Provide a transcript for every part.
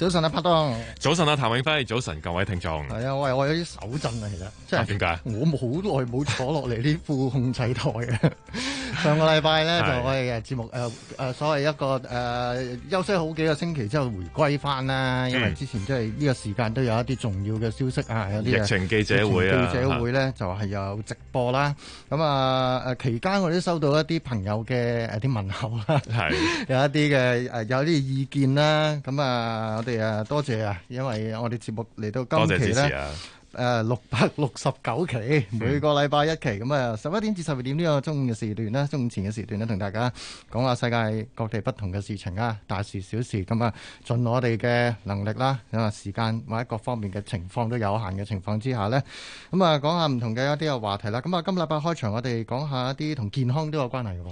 早晨啊，拍檔、啊！早晨啊，譚永輝！早晨，各位聽眾。係啊，喂，我有啲手震啊，其實即係點解？啊、我好耐冇坐落嚟呢副控制台 上個禮拜咧就我哋嘅節目誒是、呃、所謂一個誒、呃、休息好幾個星期之後回歸返啦，嗯、因為之前即係呢個時間都有一啲重要嘅消息啊，有啲疫情記者會啊，記者會咧就係、是、有直播啦。咁啊，啊期間我哋都收到一啲朋友嘅啲問候啦是、 啊，有一啲嘅誒有啲意見啦。咁啊我哋啊多謝啊，因為我哋節目嚟到今期咧。多謝誒，六百六十九期，每個禮拜一期，咁啊、嗯，十一、嗯、點至十二點呢個中午嘅時段啦，中午前嘅時段咧，同大家講下世界各地不同嘅事情啊，大事小事，咁啊，盡我哋嘅能力啦，啊，時間或者各方面嘅情況都有限嘅情況之下呢，咁啊，講下唔同嘅一啲嘅話題啦，咁啊，今禮拜開場我哋講下一啲同健康都有關係嘅，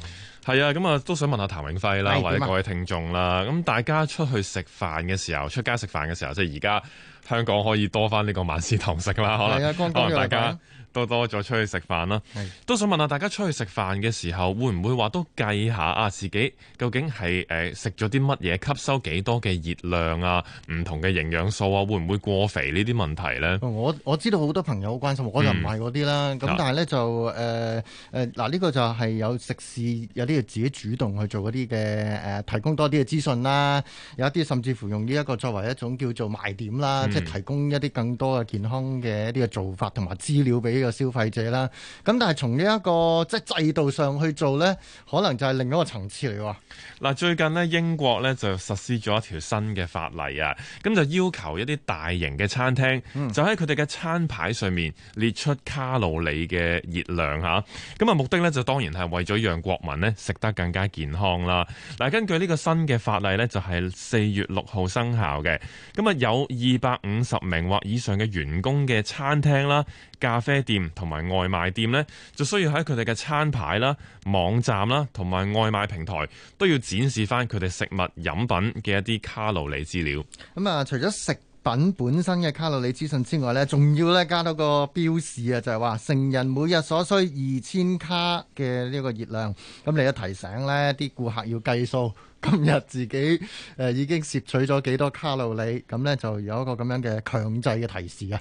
係啊，咁啊，都想問下譚永輝啦，或者各位聽眾啦，咁的大家出去食飯嘅時候，出街食飯嘅時候，即係而家。香港可以多翻呢個萬事堂食啦，可能可能大家。多多再出去食飯啦，是都想問下大家出去食飯嘅時候，會唔會話都計下啊？自己究竟係誒食咗啲乜嘢，吸收幾多嘅熱量啊？唔同嘅營養素啊，會唔會過肥呢啲問題咧？我我知道好多朋友好關心，我就唔係嗰啲啦。咁、嗯、但係咧就誒誒嗱，呢、呃呃呢個就係有食肆有啲要自己主動去做嗰啲嘅誒，提供多啲嘅資訊啦。有一啲甚至乎用呢一個作為一種叫做賣點啦，嗯、即係提供一啲更多嘅健康嘅一啲嘅做法同埋資料俾、呢個嘅消費者啦，咁但係從呢一個即係制度上去做呢，可能就係另一個層次嚟。嗱，最近呢，英國呢就實施咗一條新嘅法例啊，咁就要求一啲大型嘅餐廳就喺佢哋嘅餐牌上面列出卡路里嘅熱量吓。咁啊，目的呢就當然係為咗讓國民呢食得更加健康啦。嗱，根據呢個新嘅法例呢，就係四月六號生效嘅。咁啊，有二百五十名或以上嘅員工嘅餐廳啦。咖啡店同埋外賣店呢，就需要喺佢哋嘅餐牌啦、網站啦同埋外賣平台都要展示翻佢哋食物飲品嘅一啲卡路里資料。咁啊，除咗食品本身嘅卡路里資訊之外呢，仲要咧加多個標示啊，就係話成人每日所需二千卡嘅呢個熱量，咁嚟要提醒呢啲顧客要計數。今日自己誒已經攝取咗幾多卡路里，咁咧就有一個咁樣嘅強制嘅提示啊！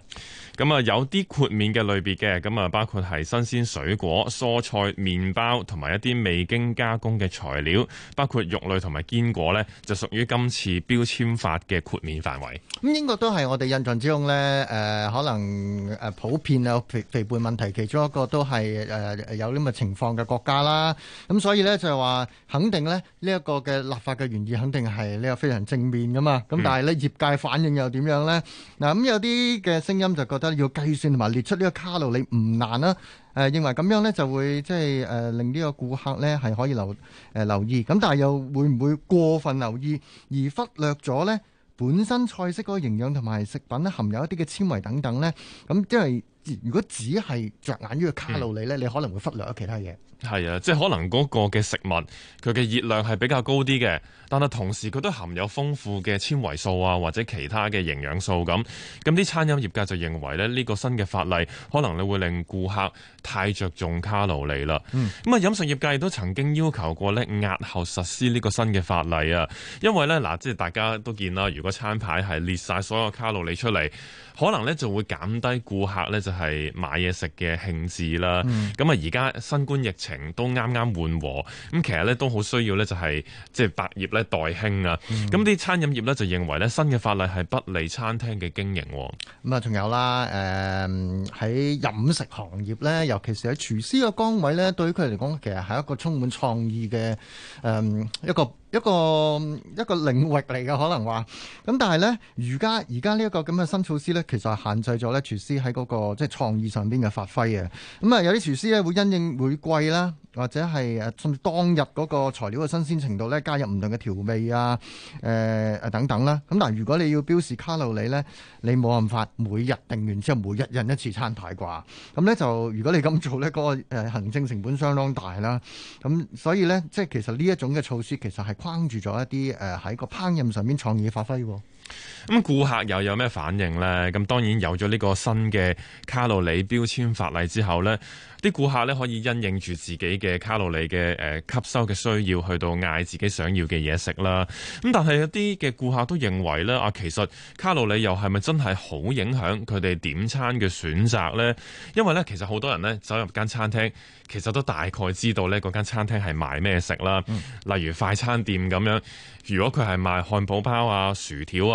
咁啊，有啲豁免嘅類別嘅，咁啊包括係新鮮水果、蔬菜、麵包同埋一啲未經加工嘅材料，包括肉類同埋堅果咧，就屬於今次標籤法嘅豁免範圍。咁英國都係我哋印象之中咧，誒、呃、可能誒普遍啊肥肥胖問題其中一個都係誒有啲咁嘅情況嘅國家啦。咁所以咧就係話肯定咧呢一個嘅。立法嘅原意肯定係呢個非常正面噶嘛，咁但係咧業界反應又點樣咧？嗱咁有啲嘅聲音就覺得要計算同埋列出呢個卡路里唔難啦，誒認為咁樣咧就會即係誒令呢個顧客咧係可以留誒留意，咁但係又會唔會過分留意而忽略咗咧本身菜式嗰個營養同埋食品咧含有一啲嘅纖維等等咧？咁即係如果只係着眼於卡路里咧，嗯、你可能會忽略咗其他嘢。係啊，即係可能嗰個嘅食物，佢嘅熱量係比較高啲嘅，但係同時佢都含有豐富嘅纖維素啊，或者其他嘅營養素咁。咁啲餐飲業界就認為咧，呢、呢個新嘅法例可能你會令顧客太着重卡路里啦。咁啊、嗯、飲食業界亦都曾經要求過咧，押後實施呢個新嘅法例啊，因為呢，嗱、呃，即係大家都見啦，如果餐牌係列晒所有卡路里出嚟，可能呢就會減低顧客呢。就。係買嘢食嘅興致啦，咁啊，而家新冠疫情都啱啱緩和，咁其實咧都好需要咧就係即係百業咧代興啊，咁啲、嗯、餐飲業咧就認為咧新嘅法例係不利餐廳嘅經營，咁啊仲有啦，誒喺飲食行業咧，尤其是喺廚師嘅崗位咧，對於佢嚟講，其實係一個充滿創意嘅誒、嗯、一個。一個一個領域嚟嘅，可能話咁，但係呢，而家而家呢一個咁嘅新措施呢，其實係限制咗呢廚師喺嗰個即係創意上邊嘅發揮嘅。咁啊，有啲廚師呢會因應每季啦，或者係誒，甚至當日嗰個材料嘅新鮮程度呢，加入唔同嘅調味啊，誒、呃、等等啦。咁但係如果你要標示卡路里呢，你冇辦法每日定完之後，每日印一次餐牌啩。咁呢，就如果你咁做呢，嗰個誒行政成本相當大啦。咁所以呢，即係其實呢一種嘅措施，其實係。框住咗一啲誒喺個烹飪上邊創意發揮。咁顧客又有咩反應呢？咁當然有咗呢個新嘅卡路里標籤法例之後呢，啲顧客呢可以因應住自己嘅卡路里嘅誒、呃、吸收嘅需要，去到嗌自己想要嘅嘢食啦。咁但係有啲嘅顧客都認為呢，啊其實卡路里又係咪真係好影響佢哋點餐嘅選擇呢？因為呢，其實好多人呢走入間餐廳，其實都大概知道呢嗰間餐廳係賣咩食啦。嗯、例如快餐店咁樣，如果佢係賣漢堡包啊、薯條啊。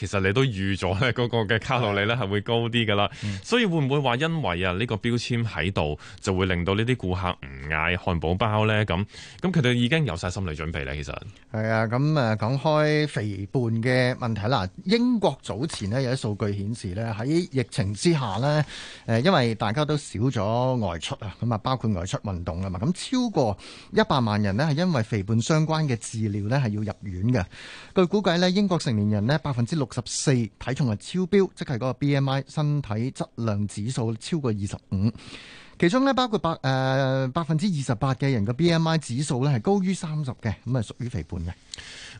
其實你都預咗咧，嗰個嘅卡路里咧係會高啲噶啦，所以會唔會話因為啊呢個標籤喺度，就會令到呢啲顧客唔嗌漢堡包呢？咁咁佢哋已經有晒心理準備啦。其實係啊，咁誒講開肥胖嘅問題啦，英國早前呢有啲數據顯示呢，喺疫情之下呢，因為大家都少咗外出啊，咁啊包括外出運動啊嘛，咁超過一百萬人呢係因為肥胖，胖相關嘅治療呢係要入院嘅。據估計呢，英國成年人呢百分之六十四體重係超標，即係嗰個 B M I 身體質量指數超過二十五，其中咧包括百誒百分之二十八嘅人嘅 B M I 指數咧係高於三十嘅，咁係屬於肥胖嘅。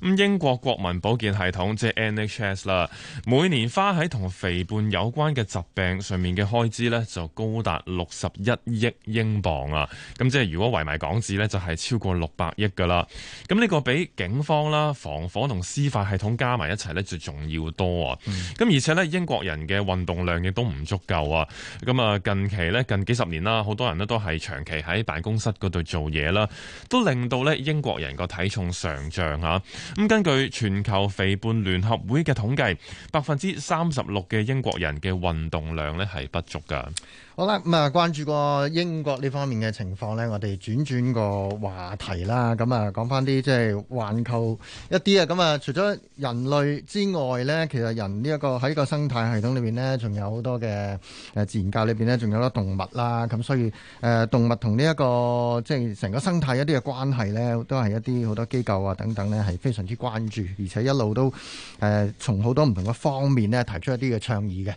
英國國民保健系統即係 NHS 啦，就是、HS, 每年花喺同肥胖有關嘅疾病上面嘅開支呢，就高達六十一億英鎊啊！咁即係如果圍埋港紙呢，就係超過六百億噶啦。咁呢個比警方啦、防火同司法系統加埋一齊呢，就仲要多啊！咁而且呢，英國人嘅運動量亦都唔足夠啊！咁啊，近期呢，近幾十年啦，好多人呢都係長期喺辦公室嗰度做嘢啦，都令到呢英國人個體重上漲吓。咁根據全球肥胖聯合會嘅統計，百分之三十六嘅英國人嘅運動量呢係不足㗎。好啦，咁啊，關注個英國呢方面嘅情況呢，我哋轉轉個話題啦。咁啊，講翻啲即係環球一啲啊。咁啊，除咗人類之外呢，其實人呢、這、一個喺個生態系統裏面呢，仲有好多嘅誒自然界裏面呢，仲有好多動物啦。咁所以誒、呃，動物同呢一個即係成個生態一啲嘅關係呢，都係一啲好多機構啊等等呢，係非常之關注，而且一路都誒、呃、從好多唔同嘅方面呢，提出一啲嘅倡議嘅。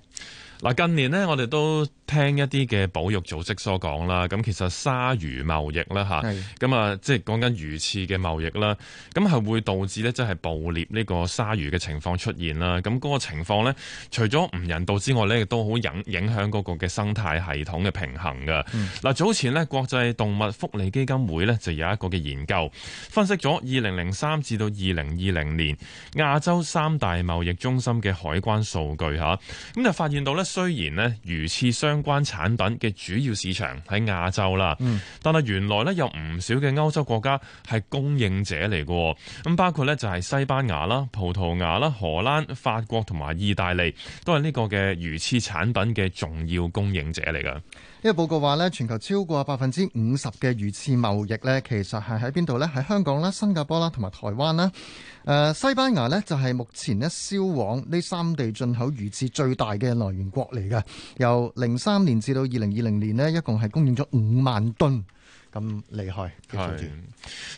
嗱，近年呢，我哋都聽一啲嘅保育組織所講啦，咁其實鯊魚貿易啦吓咁啊，即係講緊魚翅嘅貿易啦，咁係會導致咧，即係捕獵呢個鯊魚嘅情況出現啦。咁嗰個情況呢，除咗唔人道之外呢，亦都好影影響嗰個嘅生態系統嘅平衡噶。嗱，早前呢，國際動物福利基金會呢，就有一個嘅研究，分析咗二零零三至到二零二零年亞洲三大貿易中心嘅海關數據嚇，咁就發現到呢。雖然呢魚翅相關產品嘅主要市場喺亞洲啦，但係原來咧有唔少嘅歐洲國家係供應者嚟㗎，咁包括咧就係西班牙啦、葡萄牙啦、荷蘭、法國同埋意大利，都係呢個嘅魚翅產品嘅重要供應者嚟㗎。呢個報告話咧，全球超過百分之五十嘅魚翅貿易咧，其實係喺邊度咧？喺香港啦、新加坡啦同埋台灣啦。誒，西班牙咧就係目前咧銷往呢三地進口魚翅最大嘅來源國嚟嘅。由零三年至到二零二零年咧，一共係供應咗五萬噸。咁厲害嘅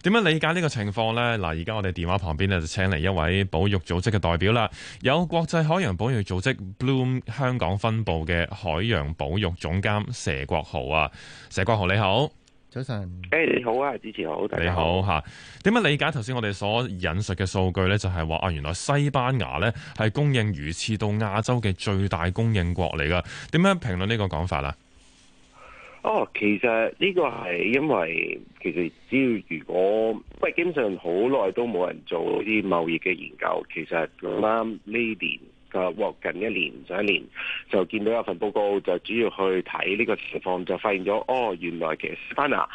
點樣理解呢個情況呢？嗱，而家我哋電話旁邊呢，就請嚟一位保育組織嘅代表啦，有國際海洋保育組織 Bloom 香港分部嘅海洋保育總監佘國豪啊，佘國豪你好，早晨上，誒、hey，你好啊，主持好，好你好嚇，點樣理解頭先我哋所引述嘅數據呢？就係話啊，原來西班牙呢係供應魚翅到亞洲嘅最大供應國嚟噶，點樣評論個呢個講法啦？哦，其實呢個係因為其實只要如果喂，基本上好耐都冇人做啲貿易嘅研究，其實咁啱呢年嘅或、哦、近一年上一年就見到有份報告，就主要去睇呢個情況，就發現咗哦，原來其實西班牙。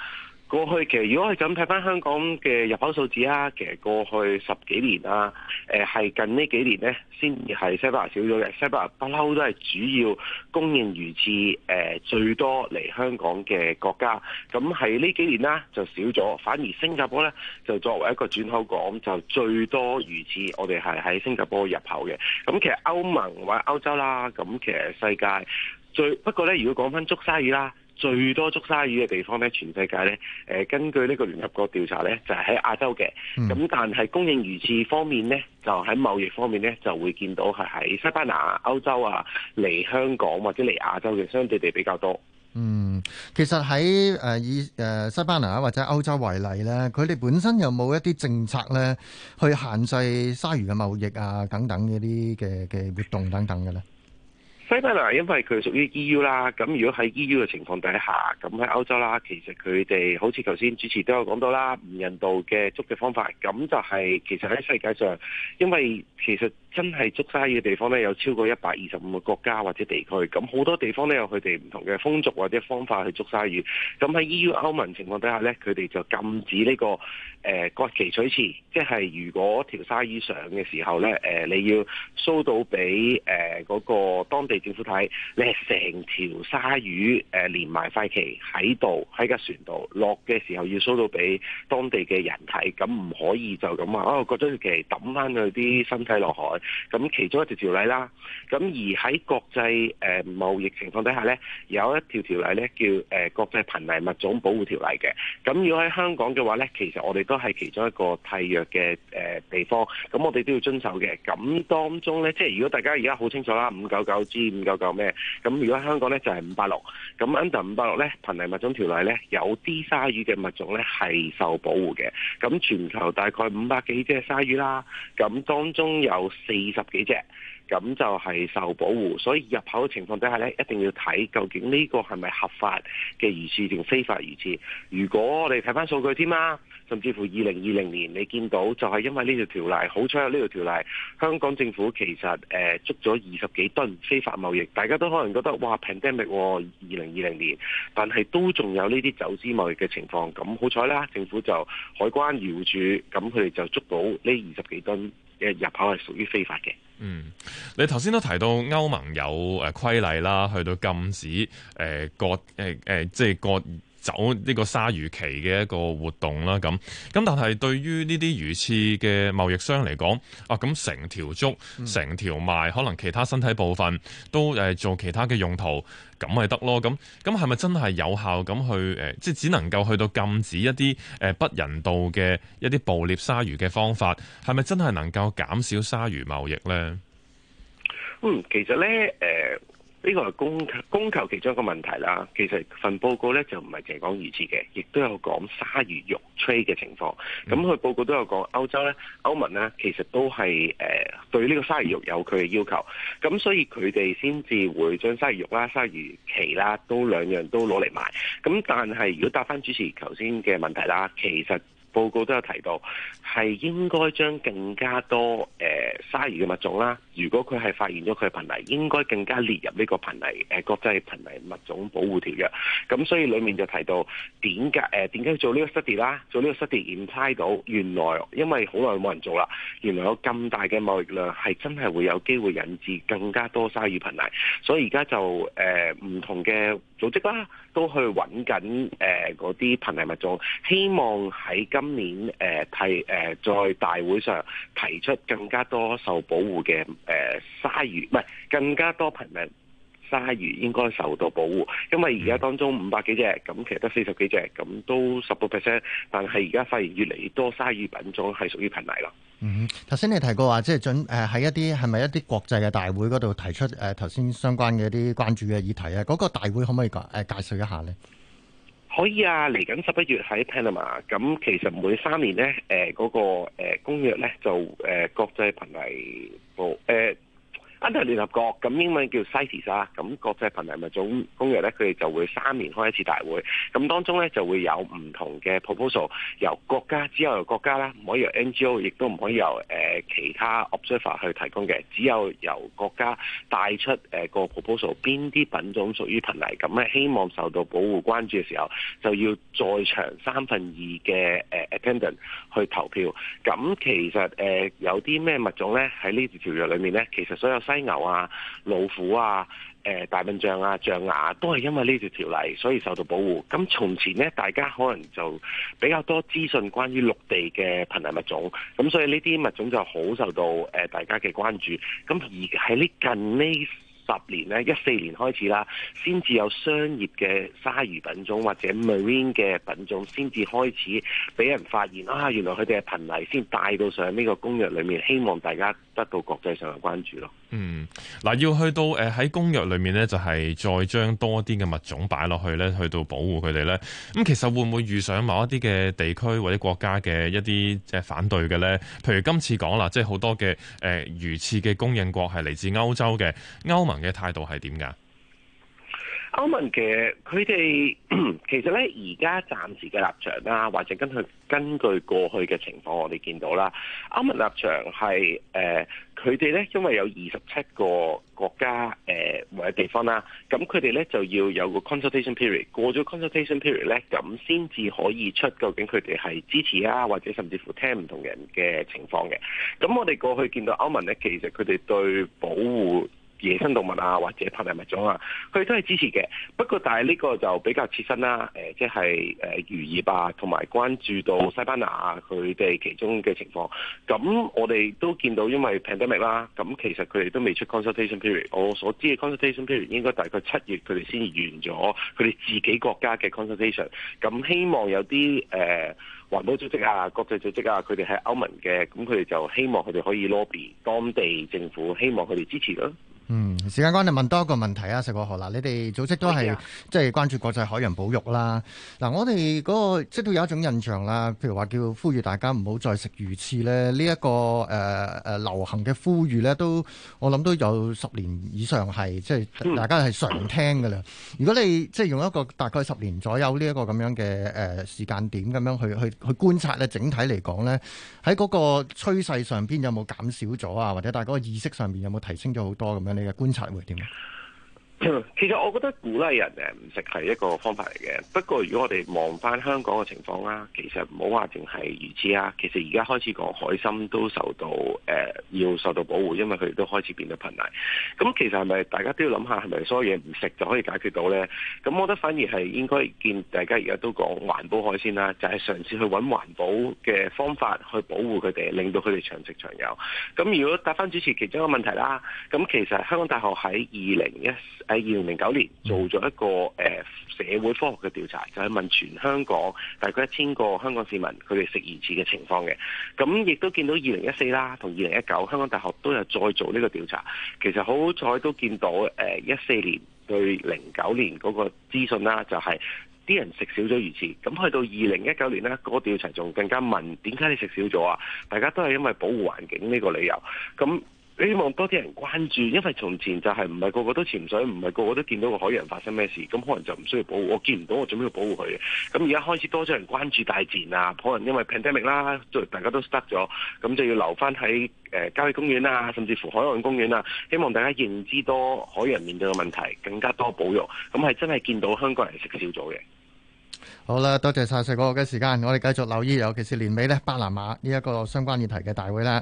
過去其實，如果係就咁睇翻香港嘅入口數字啊，其實過去十幾年啦、啊，誒、呃、係近呢幾年呢，先係西班牙少咗嘅。西班牙不嬲都係主要供應魚翅誒最多嚟香港嘅國家。咁係呢幾年啦，就少咗，反而新加坡呢，就作為一個轉口港，就最多魚翅。我哋係喺新加坡入口嘅。咁其實歐盟或者歐洲啦，咁其實世界最不過呢，如果講翻捉沙魚啦。最多捉鯊魚嘅地方咧，全世界咧，誒根據呢個聯合國調查咧，就係、是、喺亞洲嘅。咁、嗯、但係供應魚翅方面咧，就喺貿易方面咧，就會見到係喺西班牙、歐洲啊，嚟香港或者嚟亞洲嘅，相對地比較多。嗯，其實喺誒以誒西班牙或者歐洲為例咧，佢哋本身有冇一啲政策咧，去限制鯊魚嘅貿易啊，等等嗰啲嘅嘅活動等等嘅咧？西班牙因為佢屬於 EU 啦，咁如果喺 EU 嘅情況底下，咁喺歐洲啦，其實佢哋好似頭先主持都有講到啦，唔人道嘅捉嘅方法，咁就係其實喺世界上，因為其實。真係捉鯊魚嘅地方咧，有超過一百二十五個國家或者地區，咁好多地方咧有佢哋唔同嘅風俗或者方法去捉鯊魚。咁喺 EU 歐盟情況底下咧，佢哋就禁止呢、呢個誒、呃、割旗取翅，即係如果條鯊魚上嘅時候咧、呃，你要 show 到俾誒嗰個當地政府睇，你係成條鯊魚誒、呃、連埋塊旗喺度喺架船度落嘅時候要 show 到俾當地嘅人睇，咁唔可以就咁話哦割咗條旗抌翻佢啲身體落海。咁其中一條條例啦，咁而喺國際誒、呃、貿易情況底下呢，有一條條例呢叫誒、呃、國際瀕危物種保護條例嘅。咁如果喺香港嘅話呢，其實我哋都係其中一個契約嘅誒地方，咁我哋都要遵守嘅。咁當中呢，即係如果大家而家好清楚啦，五九九 G 五九九咩？咁如果香港呢，就係五八六，咁 under 五八六呢，瀕危物種條例呢，有啲鯊魚嘅物種呢係受保護嘅。咁全球大概五百幾隻鯊魚啦，咁當中有四十幾隻，咁就係受保護，所以入口嘅情況底下呢，一定要睇究竟呢個係咪合法嘅魚翅定非法魚翅。如果我哋睇翻數據添啊！甚至乎二零二零年，你見到就係因為呢條條例，好彩有呢條條例，香港政府其實誒、呃、捉咗二十幾噸非法貿易，大家都可能覺得哇，pandemic 二零二零年，但係都仲有呢啲走私貿易嘅情況，咁好彩啦，政府就海關、漁護署，咁佢哋就捉到呢二十幾噸嘅入口係屬於非法嘅。嗯，你頭先都提到歐盟有誒規例啦，去到禁止誒割誒誒，即係。割。走呢個鯊魚期嘅一個活動啦，咁咁但係對於呢啲魚翅嘅貿易商嚟講，啊咁成條捉、成條賣，可能其他身體部分都誒做其他嘅用途，咁咪得咯。咁咁係咪真係有效咁去誒？即、呃、係只能夠去到禁止一啲誒、呃、不人道嘅一啲捕獵鯊魚嘅方法，係咪真係能夠減少鯊魚貿易呢？嗯，其實呢。誒、呃。呢個係供求供求其中一個問題啦。其實份報告咧就唔係淨係講魚翅嘅，亦都有講鯊魚肉 trade 嘅情況。咁佢報告都有講歐洲咧、歐盟咧，其實都係誒、呃、對呢個鯊魚肉有佢嘅要求。咁所以佢哋先至會將鯊魚肉啦、鯊魚鰭啦，都兩樣都攞嚟賣。咁但係如果答返主持頭先嘅問題啦，其實。報告都有提到，係應該將更加多誒、呃、鯊魚嘅物種啦。如果佢係發現咗佢嘅瀕危，應該更加列入呢個瀕危誒國際瀕危物種保護條約。咁所以裡面就提到點解誒點解做呢個 study 啦？做呢個 study imply 到原來因為好耐冇人做啦，原來有咁大嘅貿易量係真係會有機會引致更加多鯊魚瀕危。所以而家就誒唔、呃、同嘅組織啦，都去揾緊誒嗰啲瀕危物種，希望喺今今年誒、呃、提誒、呃、在大會上提出更加多受保護嘅誒鯊魚，唔、呃、係更加多瀕危鯊魚應該受到保護，因為而家當中五百幾隻，咁其實得四十幾隻，咁都十個 percent，但係而家發現越嚟越多鯊魚品種係屬於瀕危咯。嗯，頭先你提過話，即係準誒喺、呃、一啲係咪一啲國際嘅大會嗰度提出誒頭先相關嘅一啲關注嘅議題啊？嗰、那個大會可唔可以誒介紹一下咧？可以啊，嚟緊十一月喺 Panama，咁其實每三年咧，誒、呃、嗰、那個、呃、公約咧就誒、呃、國際頻危部、呃聯合國咁英文叫 CITES 啦，咁國際瀕危物種公約咧，佢哋就會三年開一次大會，咁當中咧就會有唔同嘅 proposal，由國家只有由國家啦，唔可以由 NGO，亦都唔可以由誒、呃、其他 observer 去提供嘅，只有由國家帶出誒、呃那個 proposal，邊啲品種屬於瀕危咁咧，希望受到保護關注嘅時候，就要在場三分二嘅誒 attendant 去投票。咁其實誒、呃、有啲咩物種咧喺呢條條約裏面咧，其實所有。犀牛啊、老虎啊、呃、大笨象啊、象牙都係因為呢條條例，所以受到保護。咁從前呢，大家可能就比較多資訊關於陸地嘅瀕危物種，咁所以呢啲物種就好受到、呃、大家嘅關注。咁而喺呢近呢十年咧，一四年開始啦，先至有商業嘅鯊魚品種或者 marine 嘅品種先至開始俾人發現啊，原來佢哋係瀕危，先帶到上呢個公約裏面，希望大家。得到國際上嘅關注咯。嗯，嗱，要去到誒喺公約裏面咧，就係再將多啲嘅物種擺落去咧，去到保護佢哋咧。咁其實會唔會遇上某一啲嘅地區或者國家嘅一啲即係反對嘅咧？譬如今次講啦，即係好多嘅誒、呃、魚翅嘅供應國係嚟自歐洲嘅，歐盟嘅態度係點㗎？歐盟嘅佢哋其實咧，而家暫時嘅立場啦、啊，或者跟佢根據過去嘅情況，我哋見到啦，歐盟立場係誒，佢哋咧因為有二十七個國家誒、呃、或者地方啦、啊，咁佢哋咧就要有個 consultation period，過咗 consultation period 咧，咁先至可以出究竟佢哋係支持啊，或者甚至乎聽唔同人嘅情況嘅。咁我哋過去見到歐盟咧，其實佢哋對保護野生動物啊，或者拍物種啊，佢哋都係支持嘅。不過，但係呢個就比較切身啦、啊。即係誒漁業啊，同埋關注到西班牙啊，佢哋其中嘅情況。咁我哋都見到，因為 pandemic 啦，咁其實佢哋都未出 consultation period。我所知嘅 consultation period 應該大概七月佢哋先完咗佢哋自己國家嘅 consultation。咁希望有啲誒、呃、環保組織啊、國際組織啊，佢哋喺歐盟嘅，咁佢哋就希望佢哋可以 lobby 當地政府，希望佢哋支持咯、啊。嗯，時間關你問多一個問題啊，佘國豪啦，你哋組織都係的即係關注國際海洋保育啦。嗱，我哋嗰、那個即係都有一種印象啦，譬如話叫呼籲大家唔好再食魚翅咧。呢、這、一個、呃呃、流行嘅呼籲咧，都我諗都有十年以上係即係大家係常聽㗎啦。如果你即係用一個大概十年左右呢一個咁樣嘅誒時間點咁樣去去去觀察咧，整體嚟講咧，喺嗰個趨勢上邊有冇減少咗啊？或者大家個意識上面有冇提升咗好多咁樣你嘅觀察會點？其實我覺得鼓勵人誒唔食係一個方法嚟嘅，不過如果我哋望翻香港嘅情況啦，其實唔好話淨係如此啊。其實而家開始講海參都受到誒、呃、要受到保護，因為佢哋都開始變得瀕危。咁其實係咪大家都要諗下係咪所有嘢唔食就可以解決到呢？咁我覺得反而係應該見大家而家都講環保海鮮啦，就係、是、嘗試去揾環保嘅方法去保護佢哋，令到佢哋長食長有。咁如果答翻主持其中一個問題啦，咁其實香港大學喺二零一。喺二零零九年做咗一個誒、呃、社會科學嘅調查，就係、是、問全香港大概一千個香港市民佢哋食魚翅嘅情況嘅。咁亦都見到二零一四啦，同二零一九香港大學都有再做呢個調查。其實好彩都見到誒一四年對零九年嗰個資訊啦，就係、是、啲人食少咗魚翅。咁去到二零一九年呢、那個調查仲更加問點解你食少咗啊？大家都係因為保護環境呢個理由咁。希望多啲人關注，因為從前就係唔係個個都潛水，唔係個個都見到個海洋發生咩事，咁可能就唔需要保護。我見唔到，我做咩要保護佢？咁而家開始多咗人關注大自然啊，可能因為 pandemic 啦，大家都得咗，咁就要留翻喺誒郊野公園啊，甚至乎海岸公園啊。希望大家認知多海洋面對嘅問題，更加多保育。咁係真係見到香港人食少咗嘅。好啦，多謝曬各位嘅時間，我哋繼續留意，尤其是年尾呢巴拿馬呢一個相關議題嘅大會咧。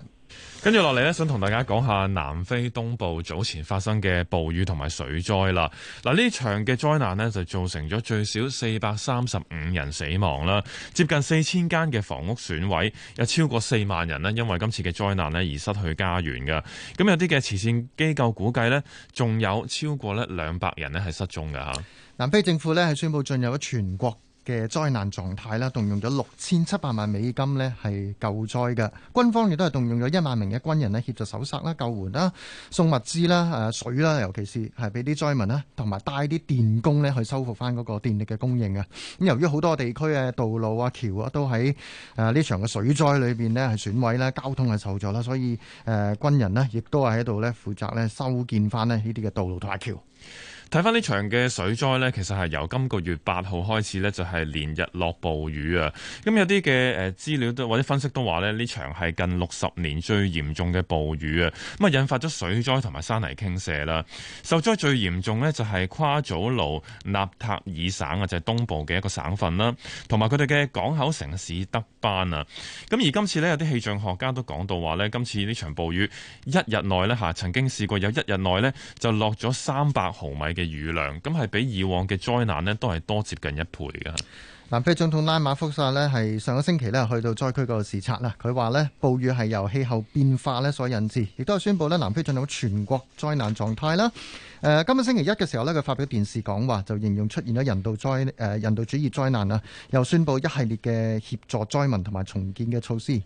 跟住落嚟咧，想同大家講下南非東部早前發生嘅暴雨同埋水災啦。嗱，呢場嘅災難呢，就造成咗最少四百三十五人死亡啦，接近四千間嘅房屋損毀，有超過四萬人呢，因為今次嘅災難呢而失去家園噶。咁有啲嘅慈善機構估計呢，仲有超過咧兩百人呢係失蹤噶吓。南非政府呢，係宣布進入咗全國。嘅災難狀態啦，動用咗六千七百萬美金呢係救災嘅。軍方亦都係動用咗一萬名嘅軍人呢協助搜殺啦、救援啦、送物資啦、水啦，尤其是係俾啲災民啦，同埋帶啲電工呢去修復翻嗰個電力嘅供應嘅。咁由於好多地區嘅道路啊、橋啊都喺誒呢場嘅水災裏邊呢係損毀啦，交通係受阻啦，所以誒、呃、軍人呢亦都係喺度呢負責呢修建翻咧呢啲嘅道路同埋橋。睇翻呢場嘅水災呢，其實係由今個月八號開始呢就係連日落暴雨啊。咁有啲嘅資料都或者分析都話呢呢場係近六十年最嚴重嘅暴雨啊。咁啊，引發咗水災同埋山泥傾瀉啦。受災最嚴重呢，就係跨祖魯納塔爾省啊，就係、是、東部嘅一個省份啦。同埋佢哋嘅港口城市德班啊。咁而今次呢，有啲氣象學家都講到話呢今次呢場暴雨一日內呢，曾經試過有一日內呢，就落咗三百毫米。嘅雨量，咁係比以往嘅災難呢都係多接近一倍噶。南非總統拉馬福薩呢係上個星期呢去到災區度視察啦，佢話呢暴雨係由氣候變化呢所引致，亦都係宣布呢南非進入全國災難狀態啦。誒、呃，今日星期一嘅時候呢，佢發表電視講話就形容出現咗人道災誒、呃、人道主義災難啊，又宣布一系列嘅協助災民同埋重建嘅措施。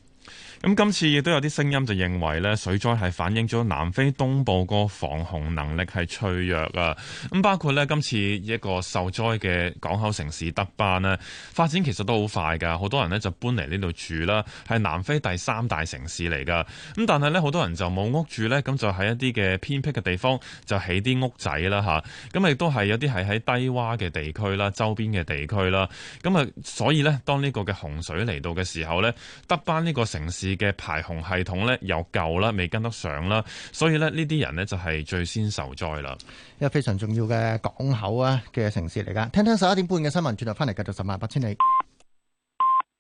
咁今次亦都有啲聲音就認為呢，水災係反映咗南非東部個防洪能力係脆弱噶。咁包括呢，今次一個受災嘅港口城市德班呢，發展其實都好快噶，好多人呢就搬嚟呢度住啦，係南非第三大城市嚟噶。咁但係呢，好多人就冇屋住呢，咁就喺一啲嘅偏僻嘅地方就起啲屋仔啦吓，咁亦都係有啲係喺低窪嘅地區啦、周邊嘅地區啦。咁啊，所以呢，當呢個嘅洪水嚟到嘅時候呢，德班呢個城市嘅排洪系統咧又舊啦，未跟得上啦，所以咧呢啲人呢，就係最先受災啦。一個非常重要嘅港口啊嘅城市嚟噶，聽聽十一點半嘅新聞，轉頭翻嚟，繼續十萬八千里。